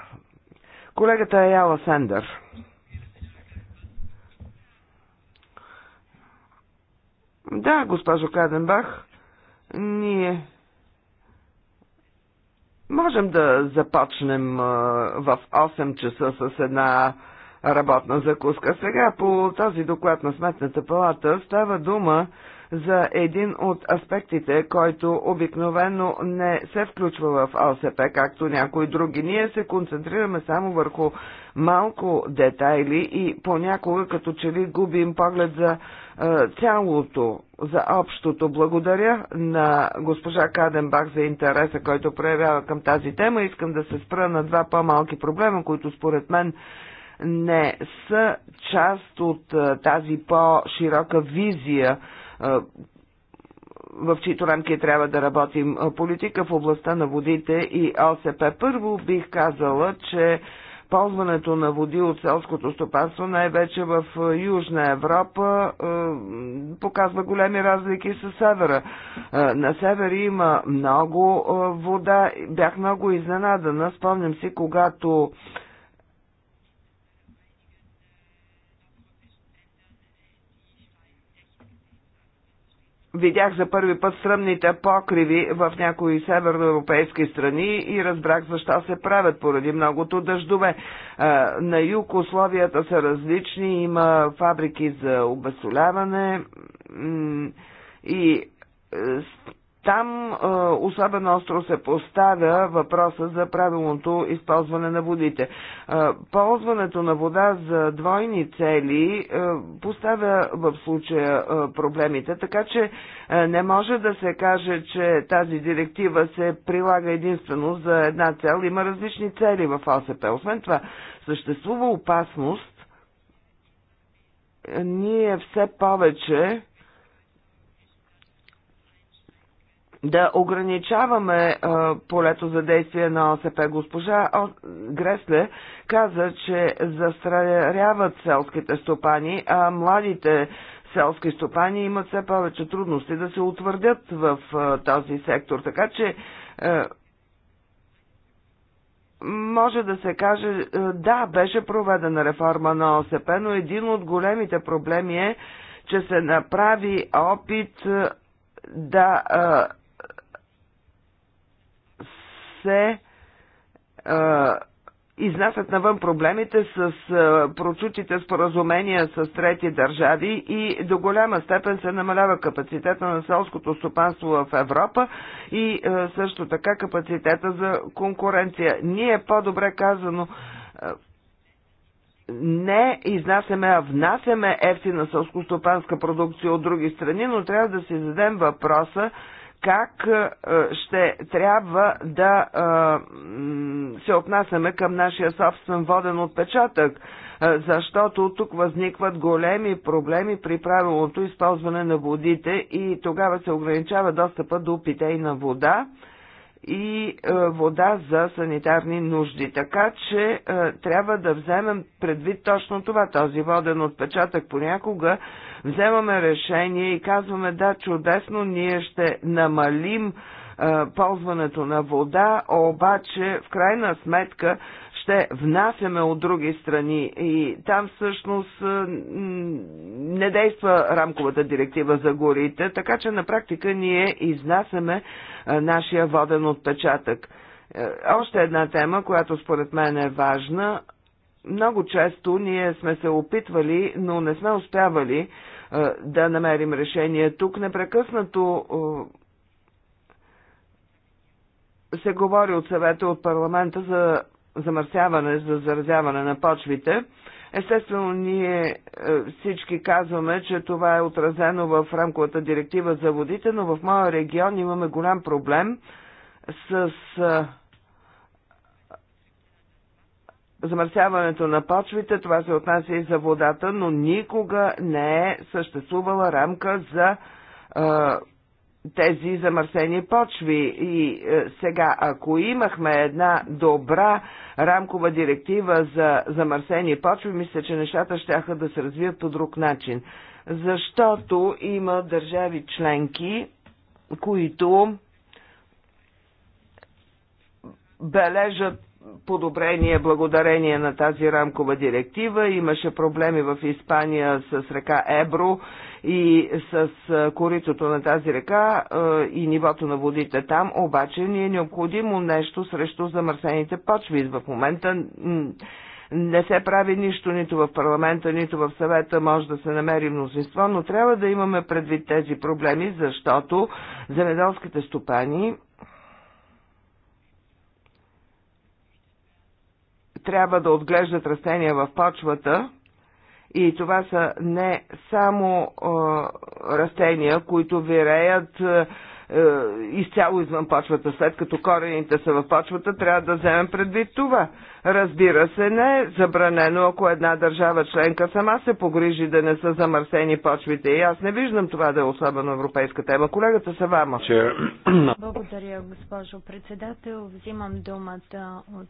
Колегата е Яла Сендър. Да, госпожо Каденбах. Ние можем да започнем в 8 часа с една работна закуска. Сега по този доклад на Сметната палата става дума за един от аспектите, който обикновено не се включва в ОСП, както някои други. Ние се концентрираме само върху малко детайли и понякога като че ли губим поглед за е, цялото, за общото. Благодаря на госпожа Каденбах за интереса, който проявява към тази тема. Искам да се спра на два по-малки проблема, които според мен не са част от е, тази по-широка визия, е, в чието рамки трябва да работим. Политика в областта на водите и ОСП. Първо бих казала, че ползването на води от селското стопанство, най-вече в е, Южна Европа, е, показва големи разлики с севера. Е, на север има много вода. Бях много изненадана. Спомням си, когато Видях за първи път сръмните покриви в някои северноевропейски страни и разбрах защо се правят поради многото дъждове. На юг условията са различни, има фабрики за обесоляване и е, там е, особено остро се поставя въпроса за правилното използване на водите. Е, ползването на вода за двойни цели е, поставя в случая проблемите, така че не може да се каже, че тази директива се прилага единствено за една цел. Има различни цели в ОСП. Освен това, съществува опасност ние все повече да ограничаваме полето за действие на ОСП. Госпожа Гресле каза, че застраряват селските стопани, а младите селски стопани имат все повече трудности да се утвърдят в този сектор. Така че може да се каже, да, беше проведена реформа на ОСП, но един от големите проблеми е, че се направи опит да се а, изнасят навън проблемите с прочутите споразумения с трети държави и до голяма степен се намалява капацитета на селското стопанство в Европа и също така капацитета за конкуренция. Ние по-добре казано не изнасяме, а внасяме ефтина сълскостопанска продукция от други страни, но трябва да си зададем въпроса как ще трябва да се отнасяме към нашия собствен воден отпечатък, защото тук възникват големи проблеми при правилното използване на водите и тогава се ограничава достъпа до питейна вода и е, вода за санитарни нужди. Така че е, трябва да вземем предвид точно това, този воден отпечатък. Понякога вземаме решение и казваме да, чудесно, ние ще намалим е, ползването на вода, обаче в крайна сметка въобще внасяме от други страни и там всъщност е, не действа рамковата директива за горите, така че на практика ние изнасяме е, нашия воден отпечатък. Е, още една тема, която според мен е важна. Много често ние сме се опитвали, но не сме успявали да намерим решение. Тук непрекъснато се говори от съвета от парламента за замърсяване, за заразяване на почвите. Естествено, ние е, всички казваме, че това е отразено в рамковата директива за водите, но в моя регион имаме голям проблем с е, замърсяването на почвите. Това се отнася и за водата, но никога не е съществувала рамка за е, тези замърсени почви. И е, сега, ако имахме една добра рамкова директива за замърсени почви, мисля, че нещата ще да се развият по друг начин. Защото има държави членки, които бележат подобрение благодарение на тази рамкова директива. Имаше проблеми в Испания с река Ебро и с коритото на тази река и нивото на водите там, обаче ни е необходимо нещо срещу замърсените почви. В момента не се прави нищо нито в парламента, нито в съвета може да се намери мнозинство, но трябва да имаме предвид тези проблеми, защото земеделските стопани трябва да отглеждат растения в почвата, и това са не само растения, които виреят изцяло извън почвата, след като корените са в почвата, трябва да вземем предвид това. Разбира се, не е забранено, ако една държава членка сама се погрижи да не са замърсени почвите. И аз не виждам това да е особено европейска тема. Колегата Савама.
Благодаря, госпожо председател. Взимам думата от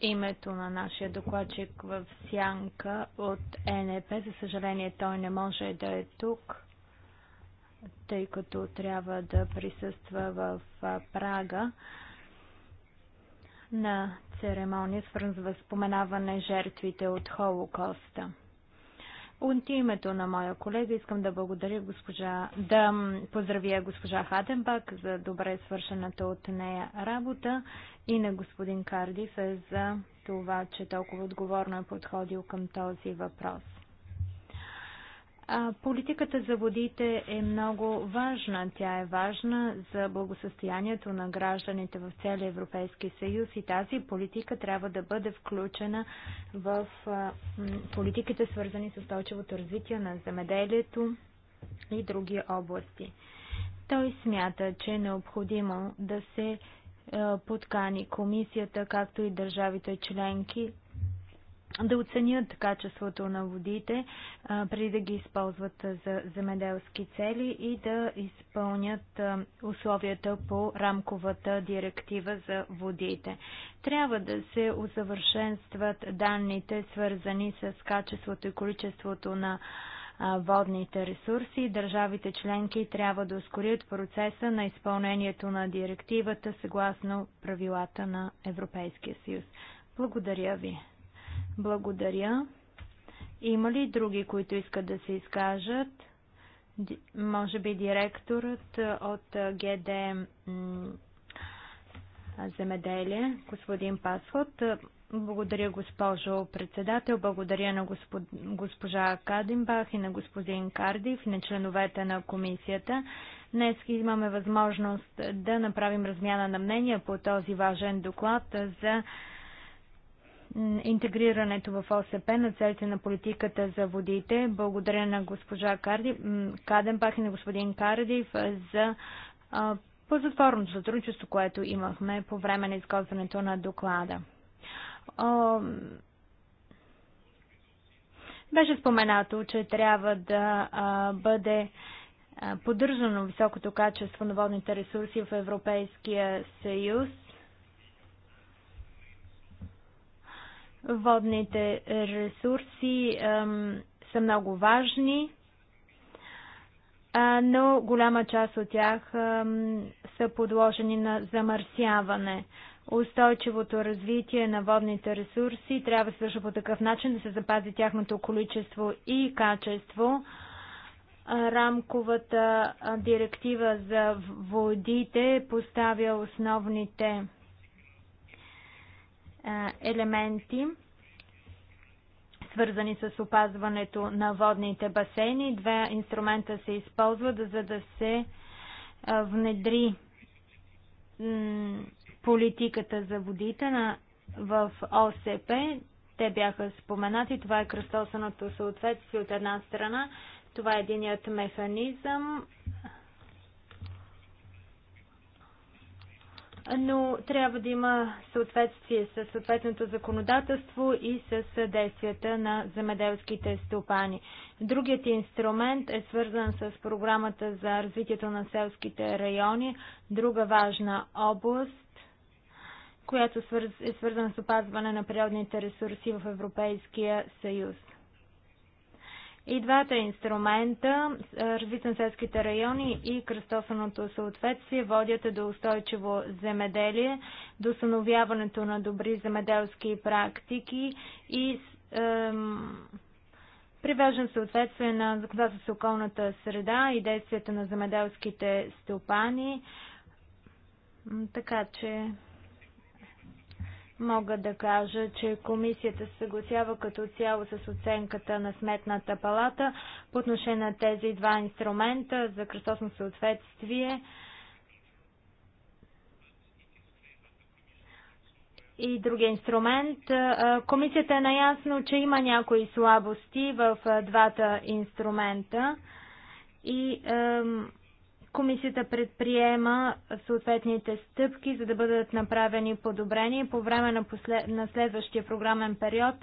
името на нашия докладчик в Сянка от НЕП. За съжаление той не може да е тук, тъй като трябва да присъства в Прага на церемония, свързана с възпоменаване жертвите от Холокоста. От името на моя колега искам да благодаря госпожа, да поздравя госпожа Хатенбак за добре свършената от нея работа и на господин Кардиф за това, че толкова отговорно е подходил към този въпрос. Политиката за водите е много важна. Тя е важна за благосъстоянието на гражданите в целия Европейски съюз и тази политика трябва да бъде включена в политиките свързани с устойчивото развитие на земеделието и други области. Той смята, че е необходимо да се подкани комисията, както и държавите членки да оценят качеството на водите а, преди да ги използват за земеделски цели и да изпълнят а, условията по рамковата директива за водите. Трябва да се усъвършенстват данните, свързани с качеството и количеството на водните ресурси. Държавите членки трябва да ускорят процеса на изпълнението на директивата съгласно правилата на Европейския съюз. Благодаря ви. Благодаря. Има ли други, които искат да се изкажат? Може би директорът от ГД земеделие, господин Пасход. Благодаря, госпожо председател. Благодаря на госпожа Кадимбах и на господин Кардив и на членовете на комисията. Днес имаме възможност да направим размяна на мнения по този важен доклад за интегрирането в ОСП на целите на политиката за водите. Благодаря на госпожа Карди, Каденбах и на господин Кардив за позатворното сътрудничество, което имахме по време на изготвянето на доклада. Беше споменато, че трябва да бъде поддържано високото качество на водните ресурси в Европейския съюз – Водните ресурси ем, са много важни, а, но голяма част от тях ем, са подложени на замърсяване. Устойчивото развитие на водните ресурси трябва също по такъв начин да се запази тяхното количество и качество рамковата директива за водите поставя основните елементи, свързани с опазването на водните басейни. Две инструмента се използват, за да се внедри политиката за водите на, в ОСП. Те бяха споменати. Това е кръстосаното съответствие от една страна. Това е единият механизъм но трябва да има съответствие с съответното законодателство и с действията на земеделските стопани. Другият инструмент е свързан с програмата за развитието на селските райони, друга важна област, която е свързана с опазване на природните ресурси в Европейския съюз. И двата инструмента, развитен селските райони и кръстосаното съответствие, водят до устойчиво земеделие, до установяването на добри земеделски практики и е, привеждане съответствие на законодателството с околната среда и действията на земеделските стопани. Така че Мога да кажа, че комисията се съгласява като цяло с оценката на сметната палата по отношение на тези два инструмента за кръстосно съответствие. и другия инструмент. Комисията е наясно, че има някои слабости в двата инструмента и Комисията предприема съответните стъпки, за да бъдат направени подобрения. По време на, послед... на следващия програмен период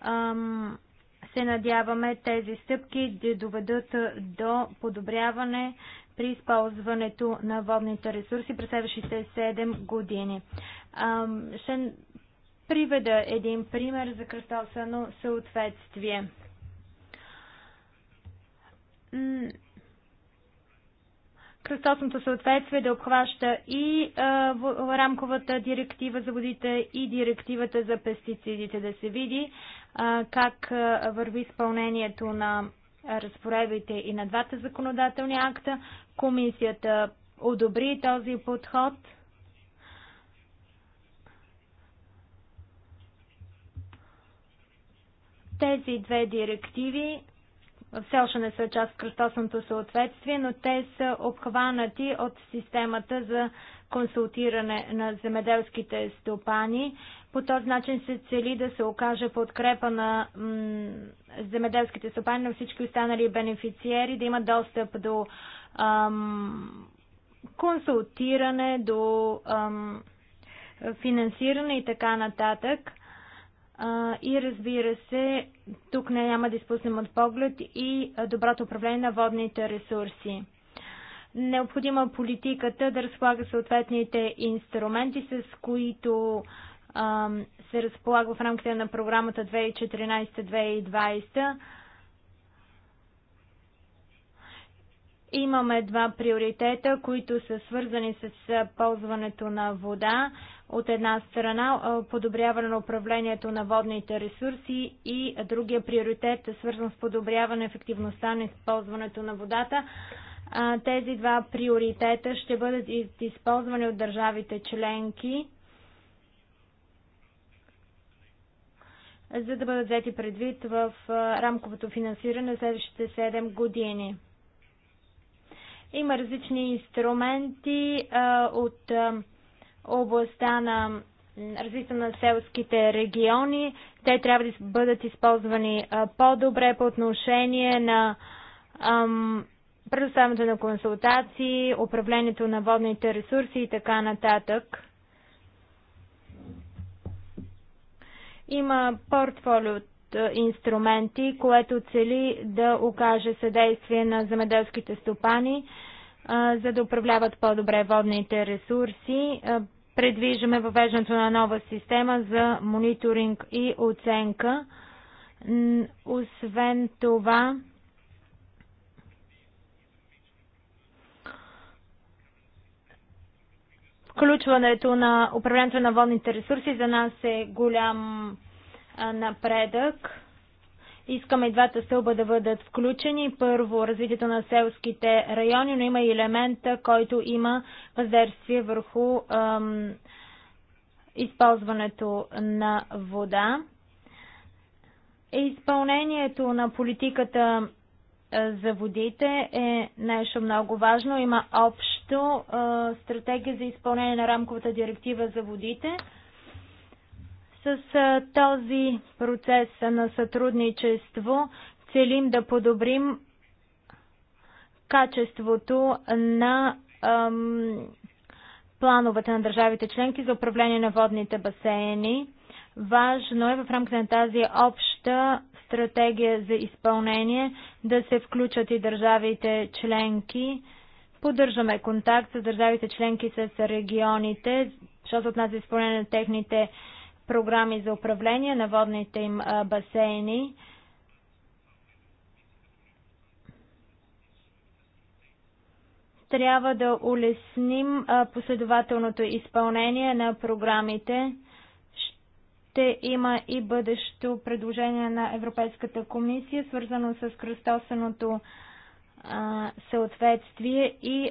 ам, се надяваме тези стъпки да доведат до подобряване при използването на водните ресурси през следващите 7 години. Ам, ще приведа един пример за кръстосано съответствие кръстосното съответствие да обхваща и а, в, рамковата директива за водите и директивата за пестицидите, да се види а, как а, върви изпълнението на разпоредбите и на двата законодателни акта. Комисията одобри този подход. Тези две директиви все още не са част в кръстосното съответствие, но те са обхванати от системата за консултиране на земеделските стопани. По този начин се цели да се окаже подкрепа на земеделските стопани, на всички останали бенефициери, да имат достъп до ам, консултиране, до ам, финансиране и така нататък и разбира се, тук не няма да изпуснем от поглед и доброто управление на водните ресурси. Необходима е политиката да разполага съответните инструменти, с които се разполага в рамките на програмата 2014-2020. Имаме два приоритета, които са свързани с ползването на вода от една страна подобряване на управлението на водните ресурси и другия приоритет свързан с подобряване ефективността на използването на водата. Тези два приоритета ще бъдат използвани от държавите членки, за да бъдат взети предвид в рамковото финансиране следващите 7 години. Има различни инструменти от а, областта на развитие на селските региони. Те трябва да бъдат използвани по-добре по отношение на ам, предоставянето на консултации, управлението на водните ресурси и така нататък. Има портфолио от инструменти, което цели да окаже съдействие на земеделските стопани за да управляват по-добре водните ресурси. Предвиждаме въвеждането на нова система за мониторинг и оценка. Освен това, включването на управлението на водните ресурси за нас е голям напредък. Искаме двата стълба да бъдат включени. Първо, развитието на селските райони, но има и елемента, който има въздействие върху ам, използването на вода. Изпълнението на политиката за водите е нещо много важно. Има общо а, стратегия за изпълнение на рамковата директива за водите – с този процес на сътрудничество целим да подобрим качеството на ам, плановете на държавите членки за управление на водните басейни. Важно е в рамките на тази обща стратегия за изпълнение да се включат и държавите членки. Поддържаме контакт с държавите членки с регионите, защото от нас е изпълнение на техните програми за управление на водните им басейни. Трябва да улесним последователното изпълнение на програмите. Ще има и бъдещо предложение на Европейската комисия, свързано с кръстосаното съответствие и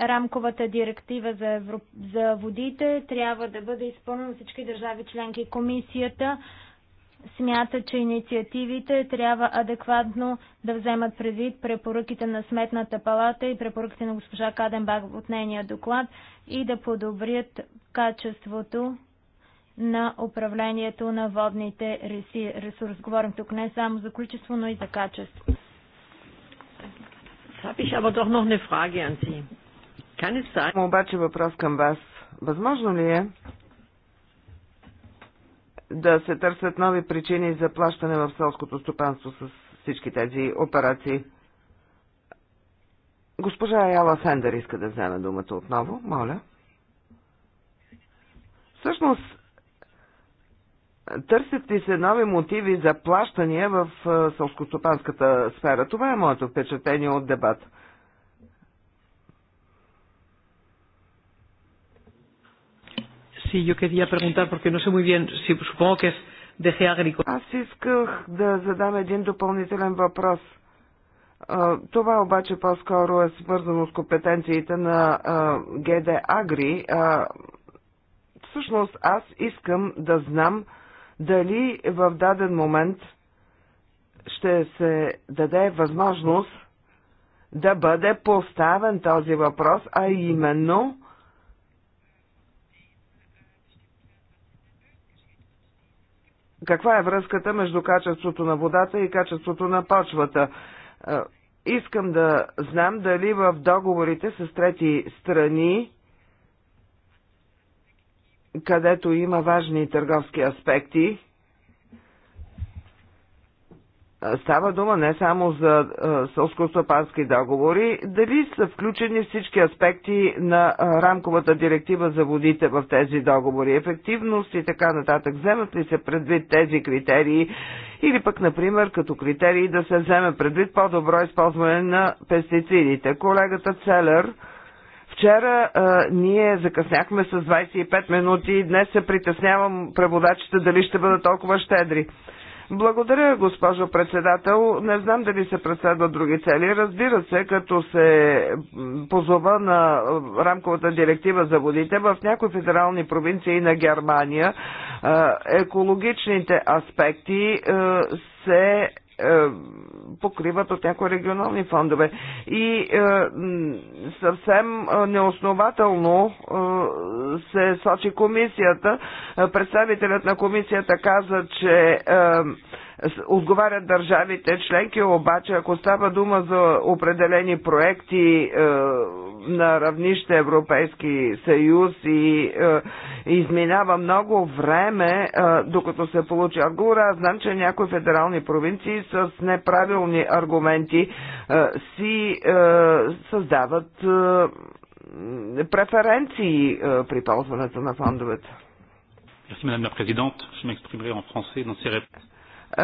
рамковата директива за, евро... за водите трябва да бъде изпълнена всички държави членки. Комисията смята, че инициативите трябва адекватно да вземат предвид препоръките на Сметната палата и препоръките на госпожа Каденбак от нейния доклад и да подобрят качеството на управлението на водните ресурс. Говорим тук не само за количество, но и за качество.
Habe aber doch noch eine Frage an Sie.
Има обаче въпрос към вас. Възможно ли е да се търсят нови причини за плащане в селското стопанство с всички тези операции? Госпожа Аяла Сендер иска да вземе думата отново, моля. Всъщност, търсят ли се нови мотиви за плащания в сълскостопанската сфера? Това е моето впечатление от дебата.
sí, yo quería preguntar, porque no sé muy bien, si,
supongo que es G agrícola. Аз исках да задам един допълнителен въпрос. Това обаче по-скоро е свързано с компетенциите на ГД Агри. Всъщност аз искам да знам дали в даден момент ще се даде възможност да бъде поставен този въпрос, а именно Каква е връзката между качеството на водата и качеството на почвата? Е, искам да знам дали в договорите с трети страни, където има важни търговски аспекти, е, става дума не само за е, селско-стопански договори, дали са включени всички аспекти на е, рамковата директива за водите в тези договори, ефективност и така нататък. Вземат ли се предвид тези критерии или пък, например, като критерии да се вземе предвид по-добро използване на пестицидите. Колегата Целер Вчера а, ние закъсняхме с 25 минути и днес се притеснявам преводачите дали ще бъдат толкова щедри. Благодаря, госпожо председател. Не знам дали се преследват други цели. Разбира се, като се позова на рамковата директива за водите, в някои федерални провинции на Германия екологичните аспекти се е, покриват от някои регионални фондове. И е, съвсем е, неоснователно се сочи комисията. Представителят на комисията каза, че отговарят държавите членки, обаче ако става дума за определени проекти е, на равнище Европейски съюз и е, изминава много време, е, докато се получи отговор, аз знам, че някои федерални провинции с неправилни аргументи е, си е, създават е, преференции при ползването на фондовете.
Merci Madame la Présidente. Je
m'exprimerai en français dans ces réponses.
Е,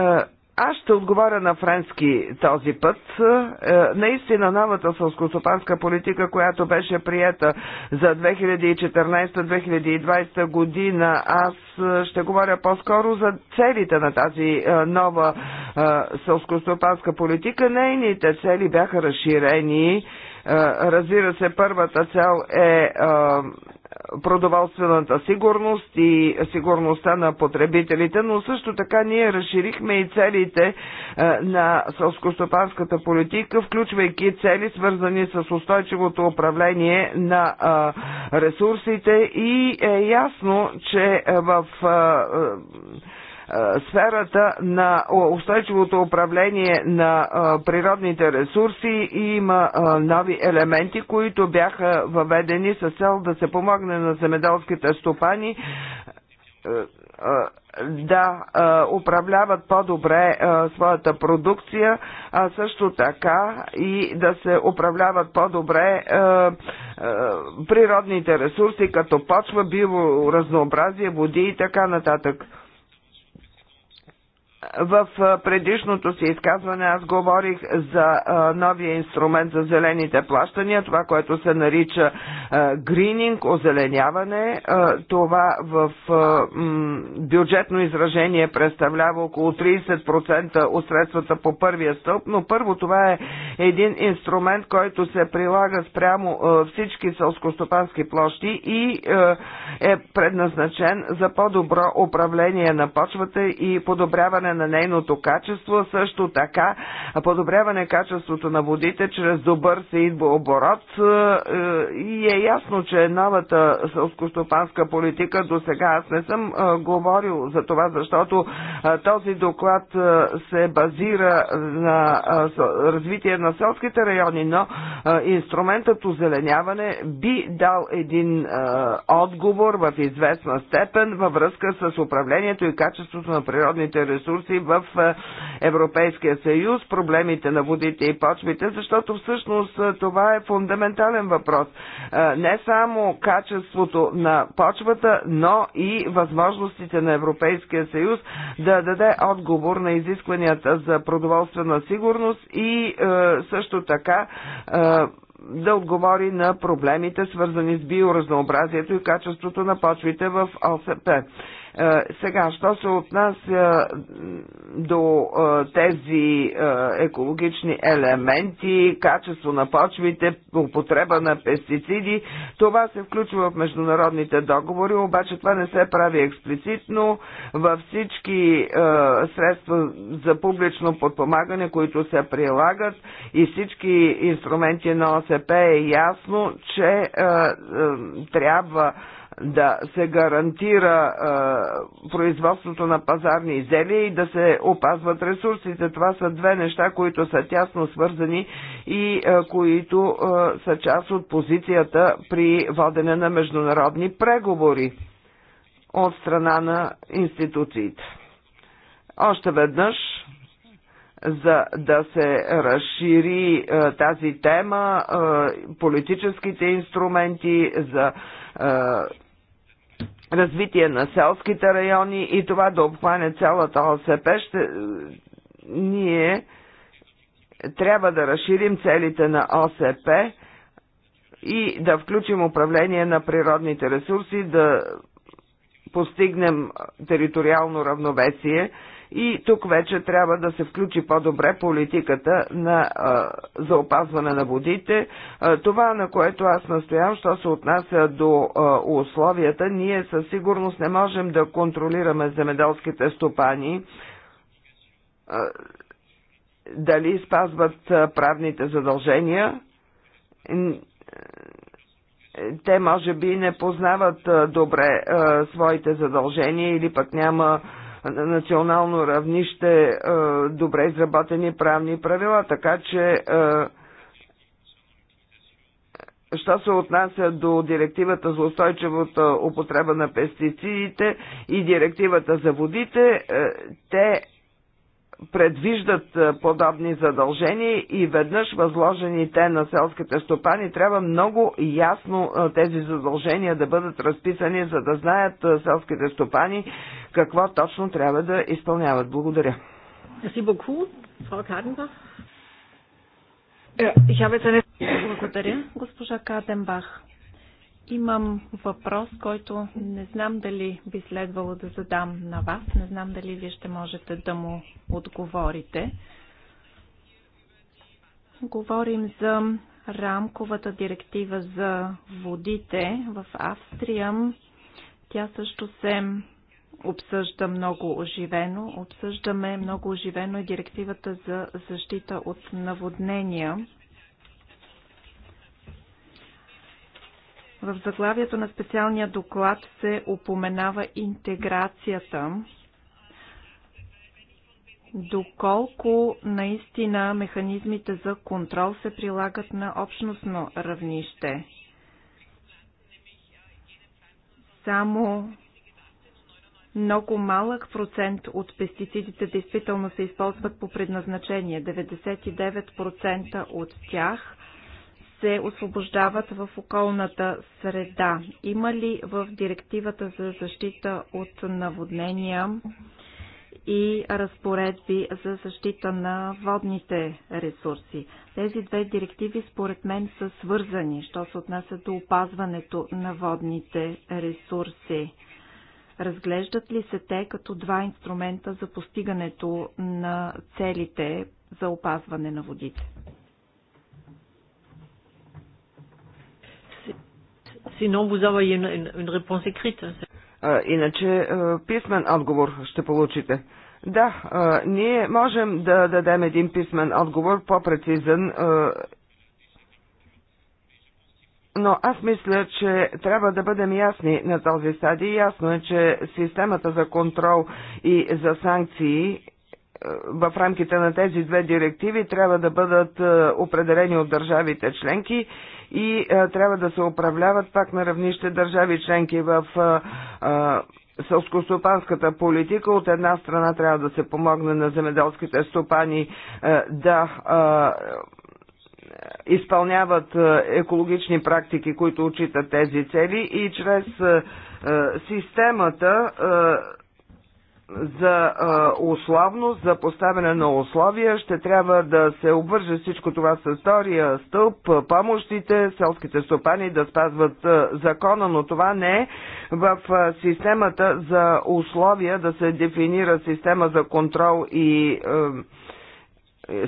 аз ще отговоря на френски този път. Е, е, наистина новата сълскостопанска политика, която беше приета за 2014-2020 година, аз ще говоря по-скоро за целите на тази нова сълскостопанска политика. Нейните цели бяха разширени. Разбира се, първата цел е продоволствената сигурност и сигурността на потребителите, но също така ние разширихме и целите е, на сълскостопанската политика, включвайки цели свързани с устойчивото управление на е, ресурсите и е ясно, че е, в е, сферата на устойчивото управление на е, природните ресурси и има е, нови елементи, които бяха въведени с цел да се помогне на земеделските стопани да управляват по-добре своята продукция, а също така и да се управляват по-добре природните ресурси, като почва, биоразнообразие, води и така нататък. В предишното си изказване аз говорих за новия инструмент за зелените плащания, това, което се нарича грининг, озеленяване. Това в бюджетно изражение представлява около 30% от средствата по първия стълб, но първо това е един инструмент, който се прилага спрямо всички селскостопански площи и е предназначен за по-добро управление на почвата и подобряване подобряване на нейното качество, също така подобряване качеството на водите чрез добър оборот. Е, и е ясно, че новата селскостопанска политика до сега аз не съм е, говорил за това, защото е, този доклад се базира на развитие на селските райони, но инструментът озеленяване би дал един отговор в известна степен във връзка с управлението и качеството на природните ресурси ресурси в Европейския съюз, проблемите на водите и почвите, защото всъщност това е фундаментален въпрос. Не само качеството на почвата, но и възможностите на Европейския съюз да даде отговор на изискванията за продоволствена сигурност и също така да отговори на проблемите, свързани с биоразнообразието и качеството на почвите в ОСП. Е, сега, що се отнася до е, тези е, екологични елементи, качество на почвите, употреба на пестициди, това се включва в международните договори, обаче това не се прави експлицитно във всички средства за публично подпомагане, които се прилагат и всички инструменти на ОСП е ясно, че трябва да се гарантира е, производството на пазарни изделия и да се опазват ресурсите. Това са две неща, които са тясно свързани и е, които е, са част от позицията при водене на международни преговори от страна на институциите. Още веднъж за да се разшири е, тази тема, е, политическите инструменти за е, развитие на селските райони и това да обхване цялата ОСП, ще, ние трябва да разширим целите на ОСП и да включим управление на природните ресурси, да постигнем териториално равновесие и тук вече трябва да се включи по-добре политиката на, а, за опазване на водите. А, това, на което аз настоявам, що се отнася до а, условията, ние със сигурност не можем да контролираме земеделските стопани а, дали спазват правните задължения те може би не познават добре а, своите задължения или пък няма на национално равнище е, добре изработени правни правила, така че е, Що се отнася до директивата за устойчивата употреба на пестицидите и директивата за водите, е, те предвиждат е, подобни задължения и веднъж възложените на селските стопани трябва много ясно е, тези задължения да бъдат разписани, за да знаят е, селските стопани какво точно трябва да изпълняват. Благодаря.
Благодаря, госпожа Каденбах. Имам въпрос, който не знам дали би следвало да задам на вас. Не знам дали вие ще можете да му отговорите. Говорим за рамковата директива за водите в Австрия. Тя също се обсъжда много оживено. Обсъждаме много оживено и директивата за защита от наводнения. В заглавието на специалния доклад се упоменава интеграцията. Доколко наистина механизмите за контрол се прилагат на общностно равнище? Само много малък процент от пестицидите действително се използват по предназначение. 99% от тях – се освобождават в околната среда. Има ли в директивата за защита от наводнения и разпоредби за защита на водните ресурси? Тези две директиви според мен са свързани, що се отнася до опазването на водните ресурси. Разглеждат ли се те като два инструмента за постигането на целите за опазване на водите? Sinon, vous avez une, une, une réponse écrite.
иначе писмен отговор ще получите. Да, ние можем да дадем един писмен отговор, по-прецизен, но аз мисля, че трябва да бъдем ясни на този стадий. Ясно е, че системата за контрол и за санкции в рамките на тези две директиви трябва да бъдат определени от държавите членки и е, трябва да се управляват пак на равнище държави членки в е, е, сълскостопанската политика. От една страна трябва да се помогне на земеделските стопани да изпълняват екологични практики, които очитат тези цели и чрез системата за условност, за поставяне на условия. Ще трябва да се обвърже всичко това с втория стълб, помощите, селските стопани да спазват закона, но това не е в системата за условия да се дефинира система за контрол и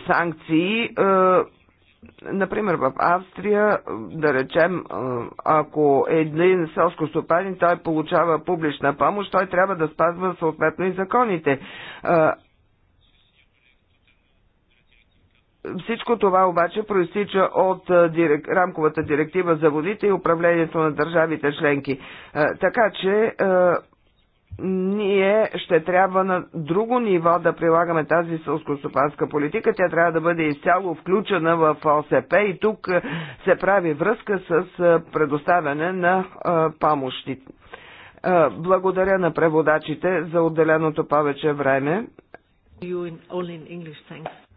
санкции Например, в Австрия, да речем, ако един селско стопанин, той получава публична помощ, той трябва да спазва съответно и законите. Всичко това обаче проистича от дирек... рамковата директива за водите и управлението на държавите членки. Така че ние ще трябва на друго ниво да прилагаме тази сълскостопанска политика. Тя трябва да бъде изцяло включена в ОСП и тук е, се прави връзка с е, предоставяне на е, помощи. Благодаря на преводачите за отделеното повече време.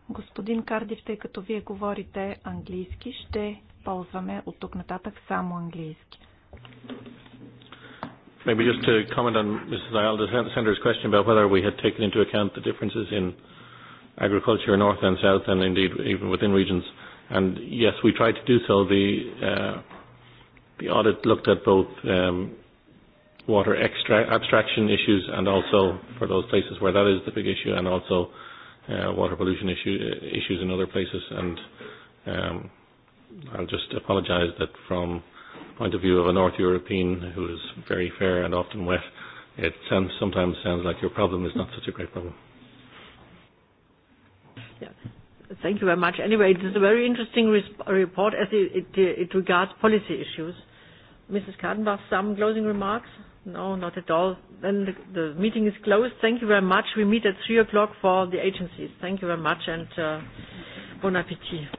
Господин Кардив, тъй като вие говорите английски, ще ползваме от тук нататък само английски. Maybe just to comment on Mrs. Ayala Sender's question about whether we had taken into account the differences in agriculture north and south and indeed even within regions. And yes, we tried to do so. The, uh, the audit looked at both um, water extra- abstraction issues and also for those places where that is the big issue and also uh, water pollution issue, issues in other places. And um, I'll just apologize that from point of view of a North European who is very fair and often wet, it sounds, sometimes sounds like your problem is not such a great problem. Yeah. Thank you very much. Anyway, it is a very interesting report as it, it, it regards policy issues. Mrs. Kadenbach, some closing remarks? No, not at all. Then the, the meeting is closed. Thank you very much. We meet at 3 o'clock for the agencies. Thank you very much and uh, bon appetit.